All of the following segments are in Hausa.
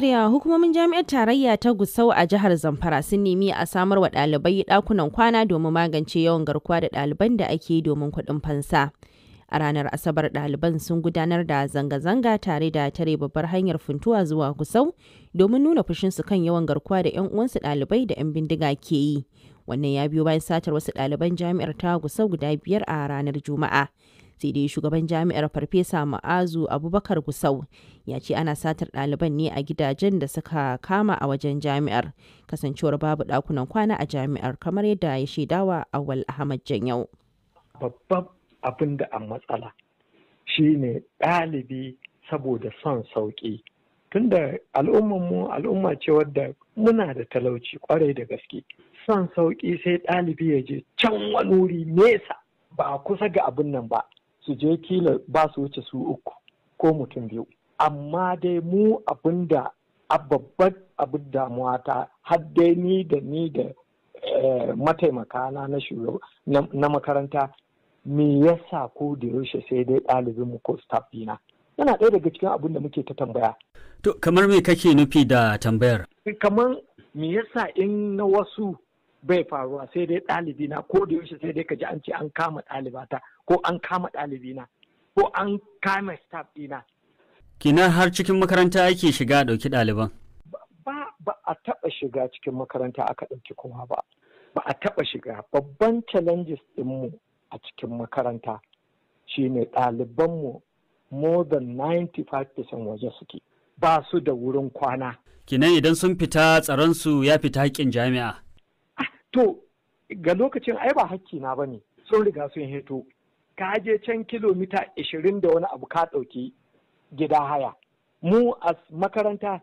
karya hukumomin jami'ar tarayya ta Gusau a jihar Zamfara sun nemi a samar wa ɗalibai ɗakunan kwana domin magance yawan garkuwa da ɗaliban da ake yi domin kuɗin fansa. A ranar Asabar ɗaliban sun gudanar da zanga-zanga tare da tare babbar hanyar funtuwa zuwa Gusau domin nuna fushin su kan yawan garkuwa da 'yan uwansu ɗalibai da 'yan bindiga ke yi. Wannan ya biyo bayan satar wasu ɗaliban jami'ar ta Gusau guda biyar a ranar Juma'a. sai dai shugaban jami'ar farfesa ma'azu abubakar gusau ya ce ana satar ɗaliban ne a gidajen da suka kama a wajen jami'ar kasancewar babu ɗakunan kwana a jami'ar kamar yadda ya shaidawa awal ahmad janyau babban abin da a matsala shine ɗalibi saboda son sauƙi tunda al'ummanmu al'umma ce wadda muna da talauci kwarai da gaske son sauƙi sai ɗalibi ya je can wani wuri nesa ba a kusa ga abin nan ba su je kila ba su wuce su uku ko mutum biyu amma dai mu abin da a babbar abin damuwa ta har dai ni da ni da eh, mataimaka na na makaranta me yasa ko da yaushe sai dai ɗalibin mu ko staff dina yana ɗaya daga cikin abin da muke ta tambaya to kamar me kake nufi da tambayar kamar me yasa in na wasu bai faruwa sai dai ɗalibi na ko da yaushe sai dai ka ji an ce an kama ɗalibata ko an kama ɗalibina ko an kama staff ɗina. Kina har cikin makaranta ake shiga a ɗauki ɗaliban? Ba ba a taɓa shiga cikin makaranta aka ɗauki kowa ba. Ba a taɓa shiga babban challenges ɗinmu a cikin makaranta shine ɗalibanmu more than 95% waje suke ba su da wurin kwana. Kinan idan sun fita tsaronsu ya fita haƙƙin jami'a. to ga lokacin ai ba hakki na bane sun riga sun heto. ka je can kilomita ashirin da wani abu ka ɗauki gida haya mu a makaranta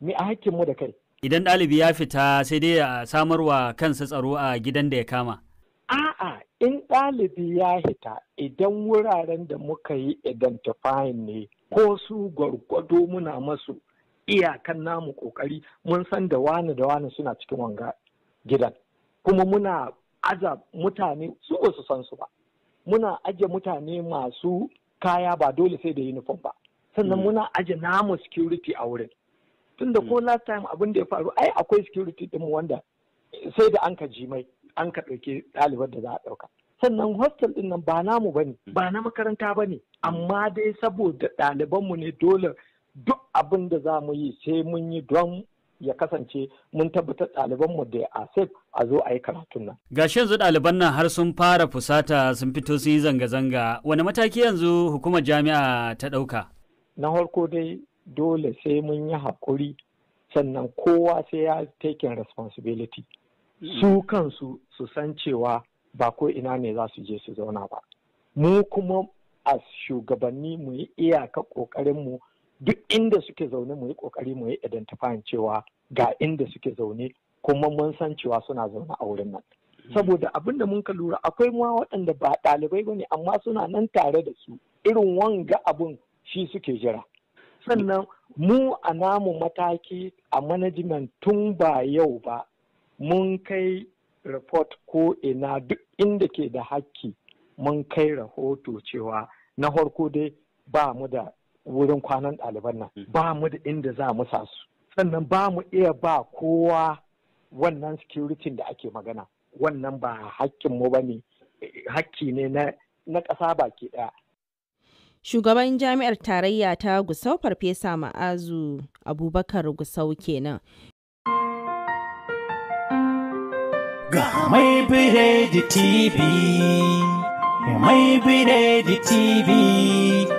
mi a mu da kai idan ɗalibi ya fita sai dai a samarwa kansa tsaro a gidan da ya kama a'a in ɗalibi ya hita idan wuraren da muka yi identifying ne ko su gwargwado muna masu iyakan namu kokari mun san da wani da wani suna cikin wanga gidan kuma muna aza mutane su ba su san su ba muna aje mutane masu kaya ba dole sai da uniform ba sannan mm. muna aje namu security a wurin tunda ko mm. last time abin da ya faru ai akwai security din wanda sai da an ka ji mai an ka ɗalibar da za a ɗauka sannan hostel din nan ba namu bane ba na makaranta bane mm. amma dai saboda mu ne dole duk abin da za mu yi sai mun yi don ya kasance mun tabbatar ɗaliban mu da a safe a zo a yi karatun nan. Gashi yanzu ɗaliban nan har sun fara fusata sun fito sun yi zanga-zanga wani mataki yanzu hukumar jami'a ta ɗauka? Na farko dai dole sai mun yi hakuri, sannan kowa sai ya taken responsibility. Su mm. kansu su san cewa ba ko ina ne za su je su zauna ba. Mu kuma a shugabanni mu yi iyaka ƙoƙarinmu duk inda suke zaune mu yi kokari mu yi identifying cewa ga inda suke zaune kuma mun san cewa suna zaune a wurin nan hmm. saboda abin da mun ka lura akwai ma waɗanda ba ɗalibai ba ne amma suna nan tare da su irin wanga abun shi suke jira sannan mu a namu mataki a management tun ba yau ba mun kai report ko ina duk inda ke da hakki mun kai rahoto cewa na harko dai ba mu da wurin kwanan ɗaliban nan mm-hmm. ba mu da inda za mu sa su sannan ba mu iya ba kowa wannan security da ake magana wannan ba hakkin mu ne, hakki ne na ƙasa baki ɗaya Shugaban jami'ar tarayya ta Gusau Farfesa Ma'azu Abubakar Gusau kenan. Ga mai biredi TV, mai biredi TV.